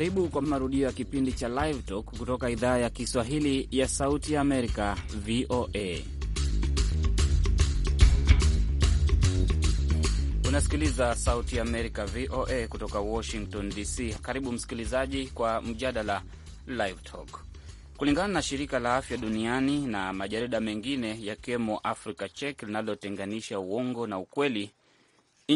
Karibu kwa marudio ya kipindi cha Live Talk kutoka idhaa ya Kiswahili ya Sauti ya Amerika, VOA. Unasikiliza Sauti ya Amerika, VOA, kutoka Washington DC. Karibu msikilizaji kwa mjadala Live Talk. Kulingana na shirika la afya duniani na majarida mengine yakiwemo Africa Check linalotenganisha uongo na ukweli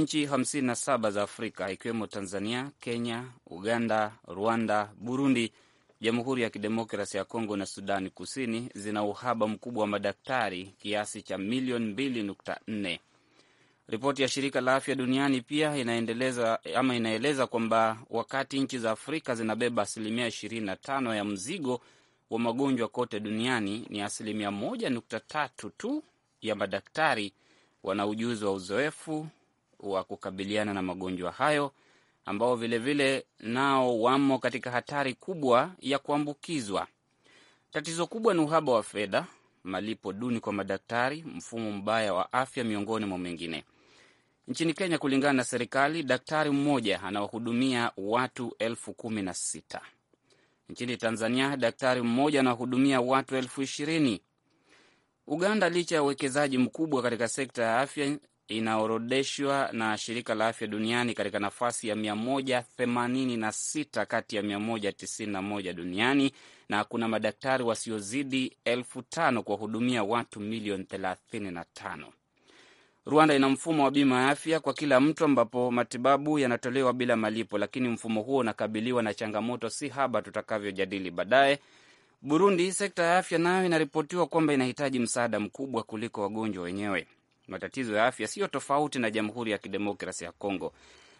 Nchi 57 za Afrika ikiwemo Tanzania, Kenya, Uganda, Rwanda, Burundi, Jamhuri ya Kidemokrasi ya Kongo na Sudani Kusini zina uhaba mkubwa wa madaktari kiasi cha milioni 2.4. Ripoti ya shirika la afya duniani pia inaendeleza ama inaeleza kwamba wakati nchi za Afrika zinabeba asilimia 25 ya mzigo wa magonjwa kote duniani, ni asilimia 1.3 tu ya madaktari wana ujuzi wa uzoefu wa kukabiliana na magonjwa hayo ambao vilevile vile nao wamo katika hatari kubwa ya kuambukizwa. Tatizo kubwa ni uhaba wa fedha, malipo duni kwa madaktari, mfumo mbaya wa afya, miongoni mwa mengine. Nchini Kenya, kulingana na serikali, daktari mmoja anawahudumia watu elfu kumi na sita. Nchini Tanzania, daktari mmoja anawahudumia watu elfu ishirini. Uganda, licha ya uwekezaji mkubwa katika sekta ya afya, inaorodeshwa na shirika la afya duniani katika nafasi ya 186 kati ya 191 duniani, na kuna madaktari wasiozidi elfu tano kuwahudumia watu milioni 35. Rwanda ina mfumo wa bima ya afya kwa kila mtu ambapo matibabu yanatolewa bila malipo, lakini mfumo huo unakabiliwa na changamoto si haba tutakavyojadili baadaye. Burundi, sekta ya afya nayo inaripotiwa kwamba inahitaji msaada mkubwa kuliko wagonjwa wenyewe matatizo ya afya siyo tofauti na Jamhuri ya Kidemokrasi ya Kongo,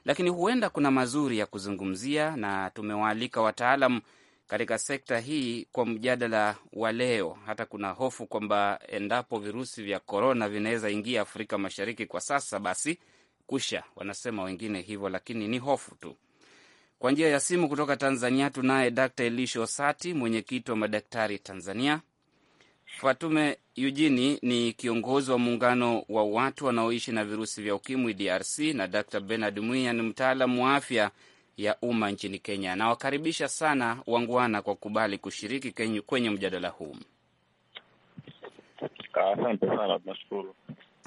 lakini huenda kuna mazuri ya kuzungumzia, na tumewaalika wataalam katika sekta hii kwa mjadala wa leo. Hata kuna hofu kwamba endapo virusi vya korona vinaweza ingia Afrika Mashariki kwa sasa, basi kusha wanasema wengine hivyo, lakini ni hofu tu. Kwa njia ya simu kutoka Tanzania tunaye d elisha osati mwenyekiti wa madaktari Tanzania. Fatume Yujini ni kiongozi wa muungano wa watu wanaoishi na virusi vya ukimwi DRC na Dr Bernard Mwiya ni mtaalamu wa afya ya umma nchini Kenya. Anawakaribisha sana wangwana kwa kubali kushiriki kwenye mjadala huu. Asante sana, tunashukuru.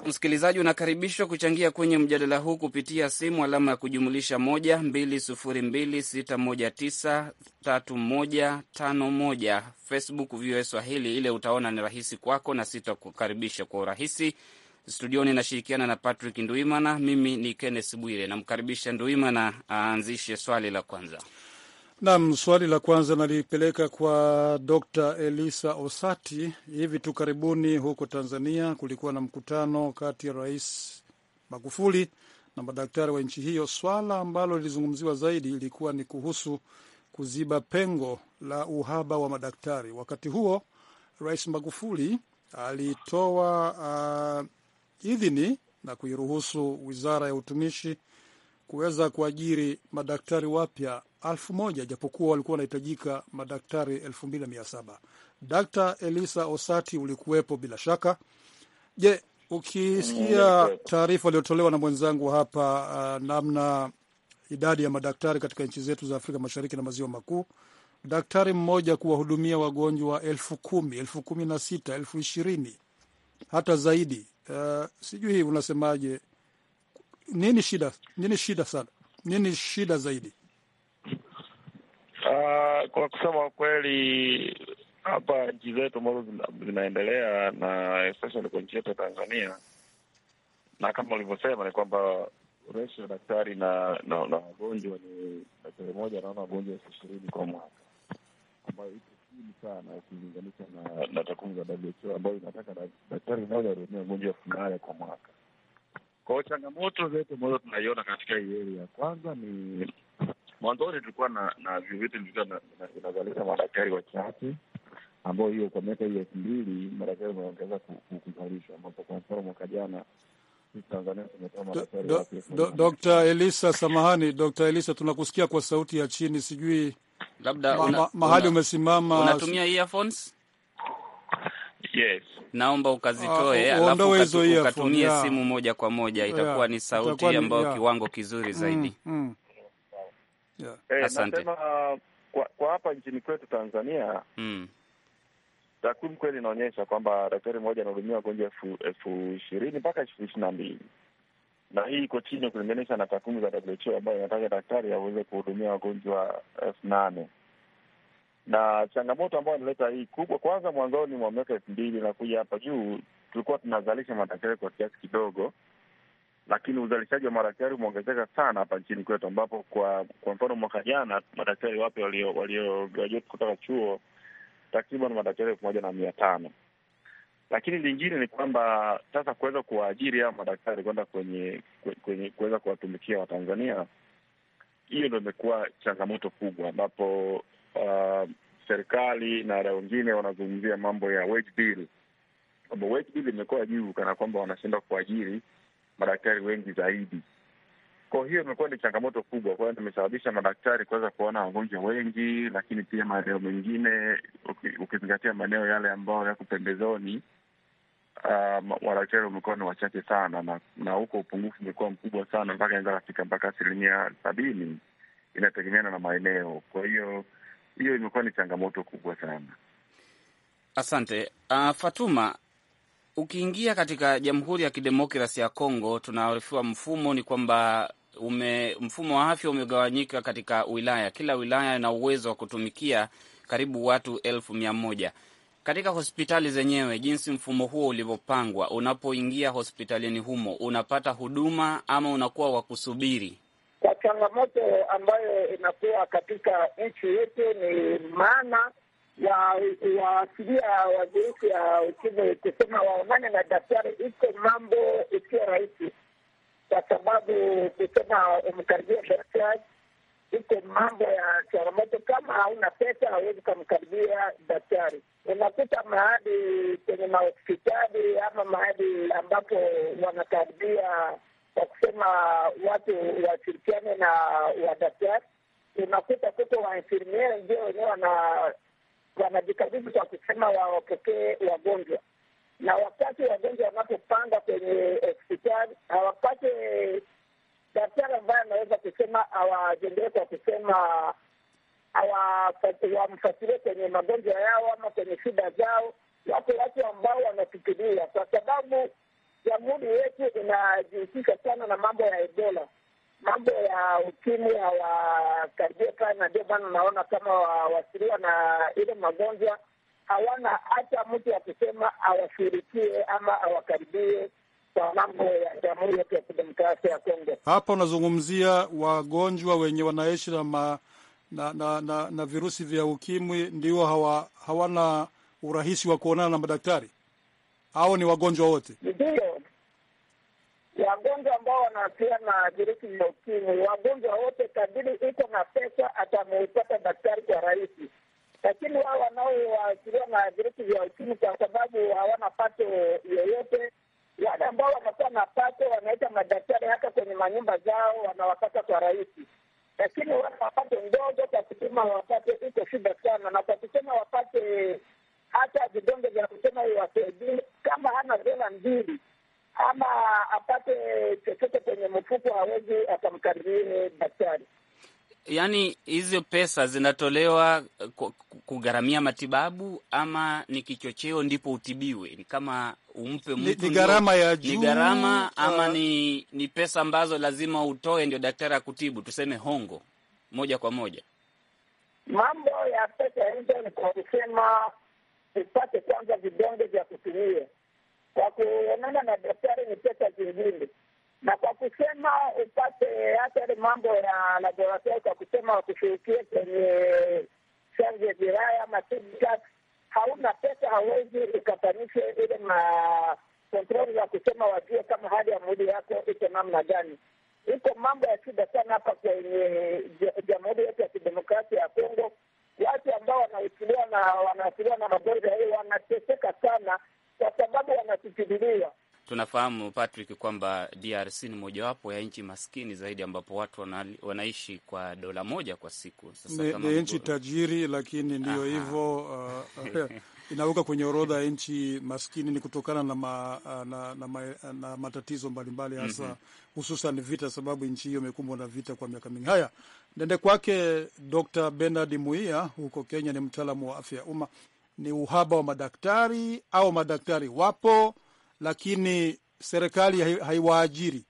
Msikilizaji unakaribishwa kuchangia kwenye mjadala huu kupitia simu alama ya kujumulisha moja mbili sufuri mbili sita moja tisa tatu moja tano moja Facebook VOA Swahili, ile utaona ni rahisi kwako na sitakukaribisha kwa urahisi. Studioni nashirikiana na Patrick Nduimana, mimi ni Kenneth Bwire. Namkaribisha Nduimana aanzishe swali la kwanza. Nam, swali la kwanza nalipeleka kwa Dr Elisa Osati. Hivi tu karibuni huko Tanzania kulikuwa na mkutano kati ya Rais Magufuli na madaktari wa nchi hiyo. Swala ambalo lilizungumziwa zaidi ilikuwa ni kuhusu kuziba pengo la uhaba wa madaktari. Wakati huo Rais Magufuli alitoa uh, idhini na kuiruhusu Wizara ya Utumishi kuweza kuajiri madaktari wapya elfu moja japokuwa walikuwa wanahitajika madaktari elfu mbili na mia saba. Dr Elisa Osati, ulikuwepo bila shaka. Je, ukisikia mm, taarifa iliyotolewa na mwenzangu hapa uh, namna idadi ya madaktari katika nchi zetu za Afrika Mashariki na Maziwa Makuu, daktari mmoja kuwahudumia wagonjwa elfu kumi elfu kumi na sita elfu ishirini hata zaidi, uh, sijui unasemaje nini shida, nini shida sana, nini shida zaidi? Uh, kwa kusema kweli hapa nchi zetu ambazo zinaendelea na especially kwa nchi yetu ya Tanzania, na kama ulivyosema ni kwamba ratio ya daktari na na wagonjwa ni daktari moja anaona wagonjwa elfu ishirini kwa mwaka, ambayo iko chini sana ukilinganisha na takwimu za WHO ambayo inataka daktari mmoja ahudumia wagonjwa elfu nane kwa mwaka. Kwa hiyo changamoto zetu ambazo tunaiona katika hii area ya kwanza ni mwanzoni tulikuwa na na vyuo vyetu vinazalisha madaktari wachache, ambao hiyo kwa miaka hiyo elfu mbili madaktari wameongeza kuzalisha, ambapo kwa mfano mwaka jana Dr. Elisa, samahani d Elisa, tunakusikia kwa sauti ya chini, sijui labda mahali umesimama, unatumia earphones Yes. Naomba ukazitoe uh, alafu ukatu, ukatumie yeah. simu moja kwa moja itakuwa yeah. ni sauti ambayo yeah. kiwango kizuri mm, zaidi mm, mm. Yeah. Hey, asante. Nasema kwa, kwa hapa nchini kwetu Tanzania mm. takwimu kweli inaonyesha kwamba daktari mmoja anahudumia wagonjwa elfu ishirini mpaka elfu ishirini na mbili na hii iko chini ukilinganisha na takwimu za WHO ambayo inataka daktari aweze kuhudumia wagonjwa elfu nane na changamoto ambayo inaleta hii kubwa, kwanza mwanzoni mwa miaka elfu mbili na kuja hapa juu tulikuwa tunazalisha madaktari kwa kiasi kidogo, lakini uzalishaji wa madaktari umeongezeka sana hapa nchini kwetu, ambapo kwa kwa mfano mwaka jana madaktari wapya waliograduate kutoka chuo takriban madaktari elfu moja na mia tano lakini lingine ni kwamba sasa kuweza kuwaajiri hao madaktari kwenda kwenye kwenye kuweza kuwatumikia Watanzania, hiyo ndo imekuwa changamoto kubwa, ambapo uh, serikali na ada wengine wanazungumzia mambo ya wage bill, kwamba wage bill imekuwa juu kana kwamba wanashindwa kuajiri madaktari wengi zaidi. Kwa hiyo imekuwa ni changamoto kubwa, kwa hiyo imesababisha madaktari kuweza kuona wagonjwa wengi, lakini pia maeneo mengine, ukizingatia maeneo yale ambayo yako pembezoni, uh, um, wadaktari wamekuwa ni wachache sana, na na huko upungufu umekuwa mkubwa sana, mpaka inaweza kafika mpaka asilimia sabini, inategemeana na maeneo. Kwa hiyo hiyo imekuwa ni changamoto kubwa sana. Asante uh, Fatuma. Ukiingia katika Jamhuri ya Kidemokrasi ya Kongo, tunaarifiwa mfumo ni kwamba ume, mfumo wa afya umegawanyika katika wilaya. Kila wilaya ina uwezo wa kutumikia karibu watu elfu mia moja katika hospitali zenyewe. Jinsi mfumo huo ulivyopangwa, unapoingia hospitalini humo unapata huduma ama unakuwa wa kusubiri? changamoto ambayo inakuwa katika nchi yetu ni maana ya waasilia wa virusi ya ukimwi kusema waonane na daktari, iko mambo isiyo rahisi, kwa sababu kusema umkaribia daktari iko mambo ya changamoto. Kama hauna pesa, hawezi ukamkaribia daktari. Unakuta mahali kwenye mahospitali ama mahali ambapo wanakaribia kwa kusema watu washirikiane na wadaktari. Unakuta kuto wainfirmiere ndio wenyewe wanajikabidhi kwa kusema wawapokee wagonjwa, na wakati wagonjwa wanapopanga kwenye hospitali hawapate daktari ambaye anaweza kusema awajengee kwa kusema wamfasirie kwenye magonjwa yao ama kwenye shida zao. Wako watu ambao wanatupiliwa kwa sababu jamhuri yetu inajihusisha sana na mambo ya Ebola, mambo ya ukimwi hawakaribia sana, na ndio maana naona kama wawasiriwa na ile magonjwa hawana hata mtu ya kusema awashirikie ama awakaribie kwa mambo ya jamhuri yetu ya kidemokrasia ya Kongo. Hapa unazungumzia wagonjwa wenye wanaishi na, ma, na, na, na, na virusi vya ukimwi ndio hawa, hawana urahisi wa kuonana na madaktari. au ni wagonjwa wote, ndio wagonjwa ambao wanaafia na virusi vya ukimwi, wagonjwa wote, kadiri iko na pesa atameupata daktari kwa rahisi, lakini wao wanaoathiriwa na virusi vya ukimwi kwa sababu hawana pato yoyote wale ambao wanakuwa na pato wanaita madaktari hata kwenye manyumba zao wanawapata kwa rahisi, lakini wale wapate ndogo kwa kusema wapate iko shida sana, na kwa kusema wapate hata vidonge vya kusema iwasaidie, kama hana zela mbili ama apate chochote kwenye mfuko, hawezi akamkaribie daktari. Yaani hizo pesa zinatolewa kugharamia matibabu ama ni kichocheo ndipo utibiwe? Ni kama umpe mtu ni gharama ya juu, ni gharama uh, ama ni, ni pesa ambazo lazima utoe ndio daktari akutibu, tuseme hongo moja kwa moja. Mambo ya pesa hizo ni kwa kusema upate kwanza vidonge vya kutumia kwa kuonana na zingine, na kwa kusema upate hata ile mambo ya laboratoria, kwa kusema wakushirikie kwenye ya jiraya ama hauna pesa, hawezi ukafanyishe ile makontroli ya kusema wajue kama hali ya mwili yako iko namna gani. Iko mambo ya shida sana hapa kwenye Jamhuri yetu ya Kidemokrasia ya Kongo. Watu ambao wanaasiliwa na magonjwa hiyo wanateseka sana, kwa sababu wanasitiliwa tunafahamu Patrick kwamba DRC ni mojawapo ya nchi maskini zaidi ambapo watu wana, wanaishi kwa dola moja kwa siku. Sasa ni, ni nchi tajiri lakini ndiyo hivyo uh, uh inaweka kwenye orodha ya nchi maskini ni kutokana na, ma, uh, na, na, ma, na matatizo mbalimbali hasa mm hususan -hmm. vita, sababu nchi hiyo imekumbwa na vita kwa miaka mingi. Haya, nende kwake Dr. Bernard Muia huko Kenya, ni mtaalamu wa afya ya umma. Ni uhaba wa madaktari au madaktari wapo lakini serikali haiwaajiri.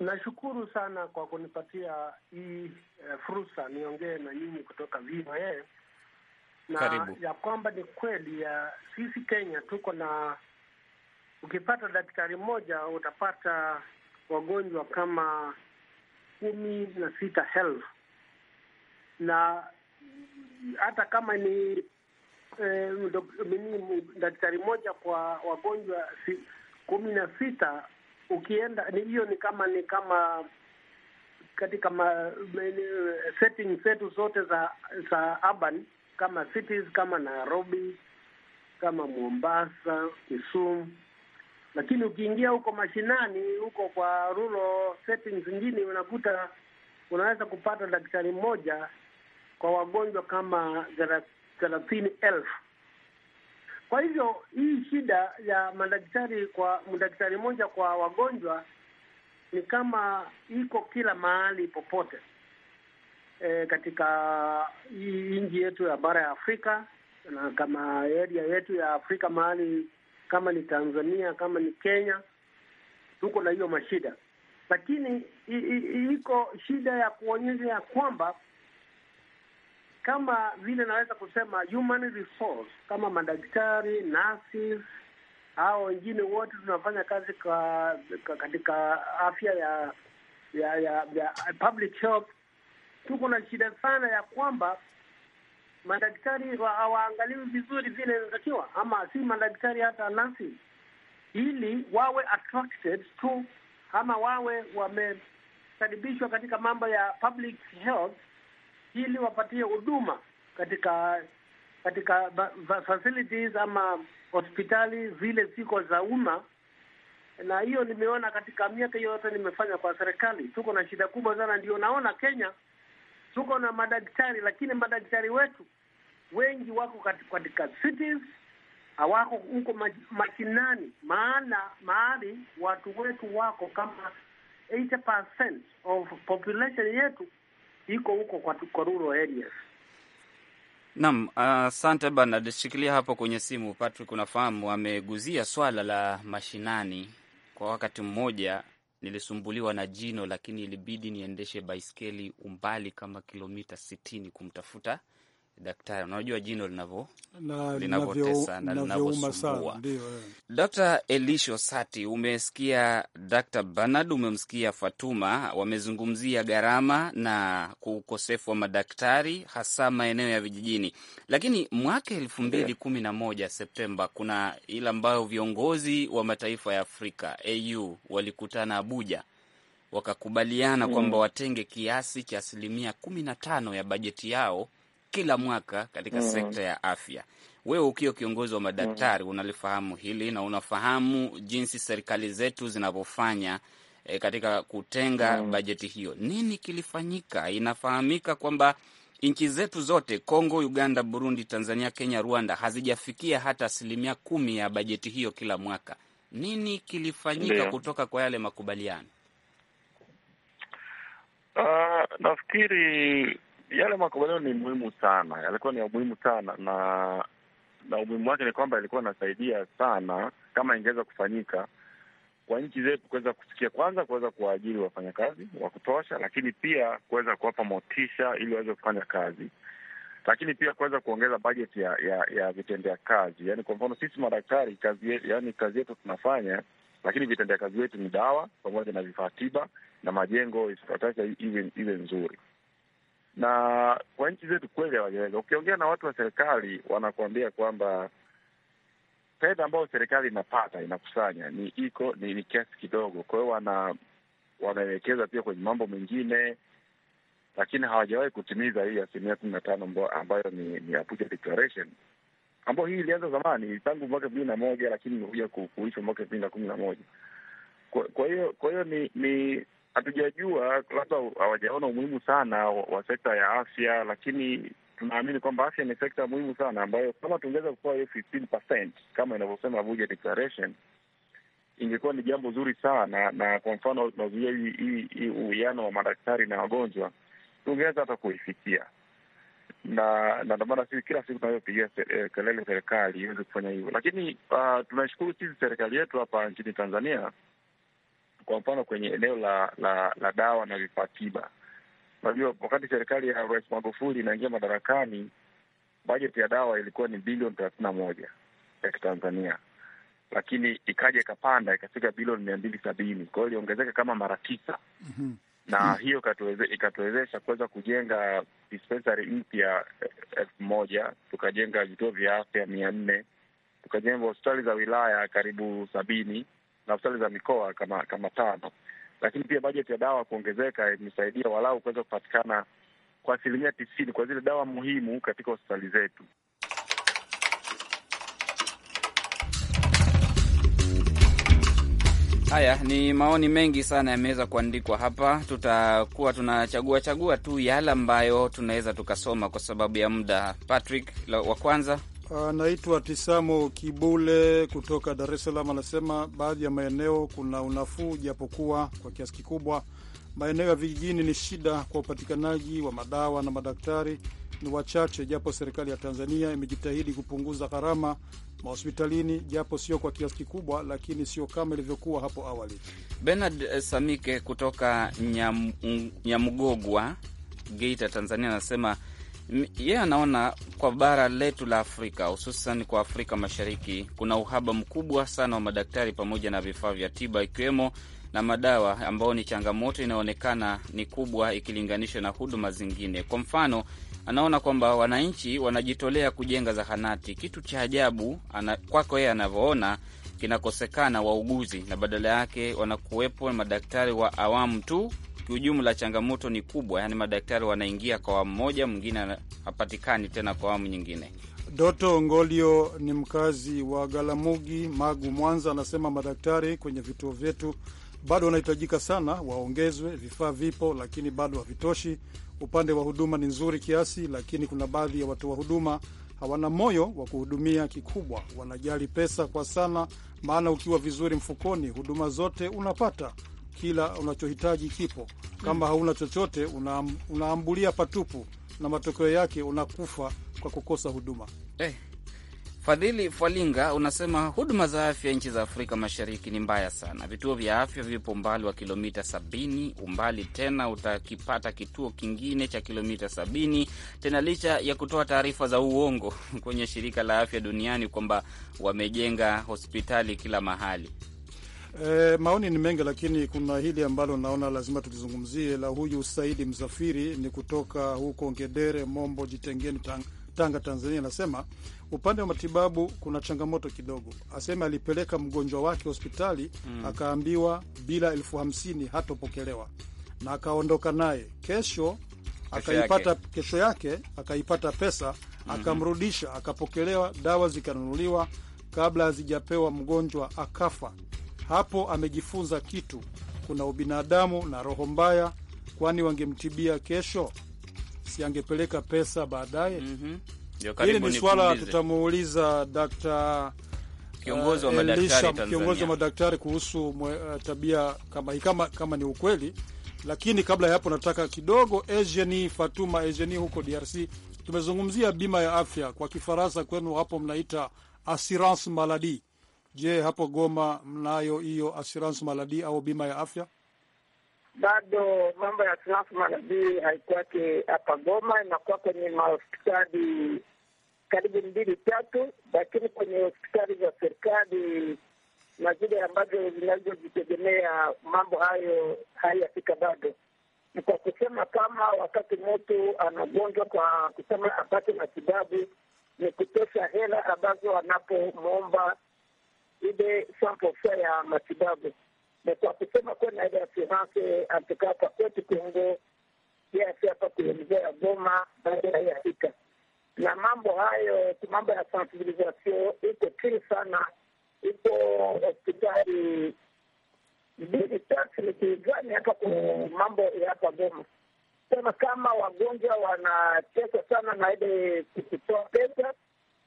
Nashukuru sana kwa kunipatia hii e, fursa niongee na nyinyi kutoka VOA na karibu. Ya kwamba ni kweli ya sisi Kenya tuko na, ukipata daktari mmoja utapata wagonjwa kama kumi na sita elfu na hata kama ni eh, daktari moja kwa wagonjwa si, kumi na sita. Ukienda hiyo ni kama ni kama katika ma, eh, setting zetu zote za za urban kama cities kama Nairobi kama Mombasa, Kisumu, lakini ukiingia huko mashinani huko kwa rural settings zingine unakuta unaweza kupata daktari mmoja kwa wagonjwa kama thelathini elfu. Kwa hivyo hii shida ya madaktari kwa mdaktari mmoja kwa wagonjwa ni kama iko kila mahali popote e, katika hii nchi yetu ya bara ya Afrika na kama area yetu ya Afrika mahali kama ni Tanzania, kama ni Kenya, tuko na hiyo mashida, lakini iko shida ya kuonyesha ya kwamba kama vile naweza kusema human resource, kama madaktari, nurses au wengine wote tunafanya kazi kwa, kwa katika afya ya ya, ya ya public health. Tuko na shida sana ya kwamba madaktari hawaangaliwi vizuri vile inatakiwa, ama si madaktari, hata nasi ili wawe attracted to ama wawe wamekaribishwa katika mambo ya public health ili wapatie huduma katika katika facilities ama hospitali zile ziko za umma. Na hiyo nimeona katika miaka yote nimefanya kwa serikali, tuko na shida kubwa sana. Ndio naona Kenya tuko na madaktari, lakini madaktari wetu wengi wako katika cities, hawako huko mashinani, maana mahali watu wetu wako kama 80% of population yetu iko huko kwa, kwa rural areas. Naam, asante uh, bana shikilia hapo kwenye simu. Patrick, unafahamu ameguzia swala la mashinani. Kwa wakati mmoja nilisumbuliwa na jino, lakini ilibidi niendeshe baiskeli umbali kama kilomita sitini kumtafuta daktari, unajua jino linavyo linavyotesa na linavyosumbua. Dr eh. Elisho Sati, umesikia Dr Bernard, umemsikia Fatuma, wamezungumzia gharama na ukosefu wa madaktari hasa maeneo ya vijijini. Lakini mwaka elfu mbili kumi na moja Septemba, kuna ile ambayo viongozi wa mataifa ya Afrika au walikutana Abuja wakakubaliana mm, kwamba watenge kiasi cha asilimia kumi na tano ya bajeti yao kila mwaka katika mm. sekta ya afya. Wewe ukiwa kiongozi wa madaktari mm. unalifahamu hili na unafahamu jinsi serikali zetu zinavyofanya e, katika kutenga mm. bajeti hiyo. Nini kilifanyika? Inafahamika kwamba nchi zetu zote Kongo, Uganda, Burundi, Tanzania, Kenya, Rwanda hazijafikia hata asilimia kumi ya bajeti hiyo kila mwaka. Nini kilifanyika Deo. kutoka kwa yale makubaliano? Uh, nafikiri yale makubaliano ni muhimu sana, yalikuwa ni ya muhimu sana na na umuhimu wake ni kwamba ilikuwa inasaidia sana kama ingeweza kufanyika kwa nchi zetu kuweza kufikia kwanza, kuweza kuwaajiri wafanyakazi wa kutosha, lakini pia kuweza kuwapa motisha ili waweze kufanya kazi, lakini pia kuweza kuongeza bajeti ya ya, ya vitendea kazi. Yani kwa mfano sisi madaktari kazi yetu, yani kazi yetu tunafanya, lakini vitendea kazi wetu ni dawa pamoja na vifaa tiba na majengo, hivi iwe nzuri na kwa nchi zetu kweli hawajaweza. Ukiongea na watu wa serikali wanakuambia kwamba fedha ambayo serikali inapata inakusanya ni iko ni, ni kiasi kidogo, kwa hiyo wana wanawekeza pia kwenye mambo mengine, lakini hawajawahi kutimiza hii asilimia kumi na tano ambayo ni, ni Abuja Declaration ambayo hii ilianza zamani tangu mwaka elfu mbili na moja lakini imekuja kuishwa mwaka elfu mbili na kumi na moja. Kwa hiyo kwa hiyo ni, ni hatujajua, labda hawajaona umuhimu sana wa, sekta ya afya, lakini tunaamini kwamba afya ni sekta muhimu sana ambayo kama tungeweza kupewa hiyo 15% kama inavyosema Abuja Declaration ingekuwa ni jambo zuri sana, na kwa mfano nazuia hii uwiano wa madaktari na wagonjwa tungeweza hata kuifikia, na ndio maana sisi kila siku tunayopigia eh, kelele serikali iweze kufanya hivyo. Lakini uh, tunashukuru sisi serikali yetu hapa nchini Tanzania kwa mfano kwenye eneo la la, la dawa na vifaa tiba. Unajua, wakati serikali ya Rais Magufuli inaingia madarakani, bajeti ya dawa ilikuwa ni bilioni thelathini na moja ya Kitanzania, lakini ikaja ikapanda ikafika bilioni mia mbili sabini kwa hiyo iliongezeka kama mara tisa. mm -hmm. na hiyo ikatuwezesha kuweza kujenga dispensari mpya eh, elfu moja tukajenga vituo vya afya mia nne tukajenga hospitali za wilaya karibu sabini na hospitali za mikoa kama kama tano, lakini pia bajeti ya dawa kuongezeka imesaidia walau kuweza kupatikana kwa asilimia tisini kwa zile dawa muhimu katika hospitali zetu. Haya ni maoni mengi sana yameweza kuandikwa hapa. Tutakuwa tunachagua chagua tu yale ambayo tunaweza tukasoma kwa sababu ya muda. Patrick wa kwanza Anaitwa Tisamo Kibule kutoka Dar es Salaam, anasema baadhi ya maeneo kuna unafuu, japokuwa kwa kiasi kikubwa maeneo ya vijijini ni shida kwa upatikanaji wa madawa na madaktari ni wachache, japo serikali ya Tanzania imejitahidi kupunguza gharama mahospitalini, japo sio kwa kiasi kikubwa, lakini sio kama ilivyokuwa hapo awali. Bernard eh, Samike kutoka Nyamgogwa, Geita, Tanzania, anasema yeye yeah, anaona kwa bara letu la Afrika hususan kwa Afrika Mashariki kuna uhaba mkubwa sana wa madaktari pamoja na vifaa vya tiba ikiwemo na madawa ambao ni changamoto inayoonekana ni kubwa ikilinganishwa na huduma zingine. Kwa mfano, anaona kwamba wananchi wanajitolea kujenga zahanati, kitu cha ajabu kwako yeye anavyoona kinakosekana wauguzi, na badala yake wanakuwepo madaktari wa awamu tu kiujumla changamoto ni kubwa, yaani madaktari wanaingia kwa awamu moja, mwingine hapatikani tena kwa awamu nyingine. Doto Ngolio ni mkazi wa Galamugi, Magu, Mwanza, anasema madaktari kwenye vituo vyetu bado wanahitajika sana, waongezwe. Vifaa vipo, lakini bado havitoshi. Upande wa huduma ni nzuri kiasi, lakini kuna baadhi ya watoa wa huduma hawana moyo wa kuhudumia. Kikubwa wanajali pesa kwa sana, maana ukiwa vizuri mfukoni, huduma zote unapata kila unachohitaji kipo. Kama hauna chochote, unaam, unaambulia patupu na matokeo yake unakufa kwa kukosa huduma eh. Fadhili falinga unasema huduma za afya nchi za Afrika Mashariki ni mbaya sana. Vituo vya afya vipo umbali wa kilomita sabini, umbali tena utakipata kituo kingine cha kilomita sabini tena, licha ya kutoa taarifa za uongo kwenye shirika la afya duniani kwamba wamejenga hospitali kila mahali. E, maoni ni mengi lakini kuna hili ambalo naona lazima tulizungumzie la huyu Saidi Msafiri ni kutoka huko Ngedere, Mombo, Jitengeni, Tanga, Tanga, Tanzania. Anasema upande wa matibabu kuna changamoto kidogo. Asema alipeleka mgonjwa wake hospitali mm, akaambiwa bila elfu hamsini hatopokelewa na akaondoka naye. Kesho akaipata kesho yake akaipata pesa mm -hmm, akamrudisha akapokelewa, dawa zikanunuliwa, kabla hazijapewa mgonjwa akafa. Hapo amejifunza kitu, kuna ubinadamu na roho mbaya, kwani wangemtibia kesho, si angepeleka pesa baadaye? mm -hmm. Hili ni swala tutamuuliza Dr. Eh, kiongozi wa madaktari kuhusu mwe, uh, tabia kama, kama, kama ni ukweli. Lakini kabla ya hapo nataka kidogo Eugenie Fatuma, Eugenie huko DRC tumezungumzia bima ya afya, kwa Kifaransa kwenu hapo mnaita assurance maladie Je, hapo Goma mnayo hiyo assurance maladi au bima ya afya? Bado mambo ya assurance maladi haikwake hapa Goma, inakuwa kwenye mahospitali karibu mbili tatu, lakini kwenye hospitali za serikali na zile ambazo zinazojitegemea mambo hayo hayafika bado. Ni kwa kusema kama wakati mtu anagonjwa, kwa kusema apate matibabu, ni kutosha hela ambazo anapomwomba ile sample ya matibabu na kwa kusema kuwa ile assurance antukapa kwetu Kongo yasi hapa kuelezea ya Goma baada ya hika na mambo hayo, mambo ya sensibilisation iko chini sana, iko hospitali mbili tatu nikizani hapa ku mambo ya hapa Goma sana, kama wagonjwa wanateswa sana na ile kukutoa pesa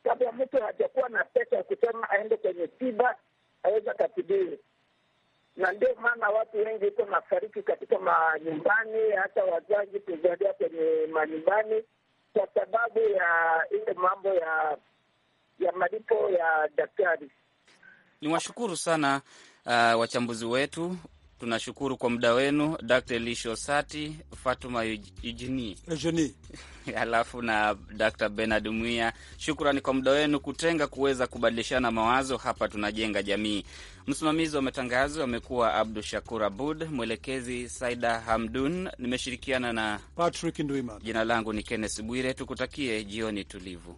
kabla mtu hajakuwa na pesa ya kusema aende kwenye tiba aweza katibiwa, na ndio maana watu wengi iko nafariki katika manyumbani, hata wazazi kuzalia kwenye manyumbani kwa sababu ya ile mambo ya ya malipo ya daktari. Ni washukuru sana uh, wachambuzi wetu Tunashukuru kwa muda wenu Dr Elisho Sati, Fatuma Ijini alafu na Dr Benard Mwia. Shukrani kwa muda wenu kutenga kuweza kubadilishana mawazo hapa, tunajenga jamii. Msimamizi wa matangazo amekuwa Abdu Shakur Abud, mwelekezi Saida Hamdun, nimeshirikiana na Patrick Ndwima. Jina langu ni Kenneth Bwire, tukutakie jioni tulivu.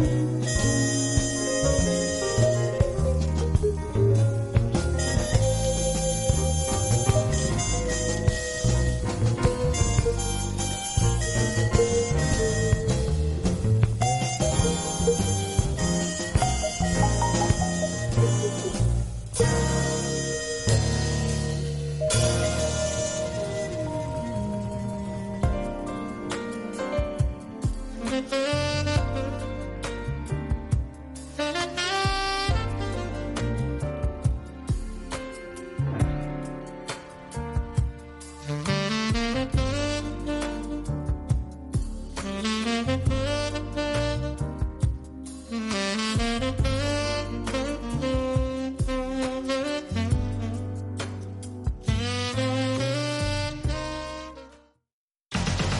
Música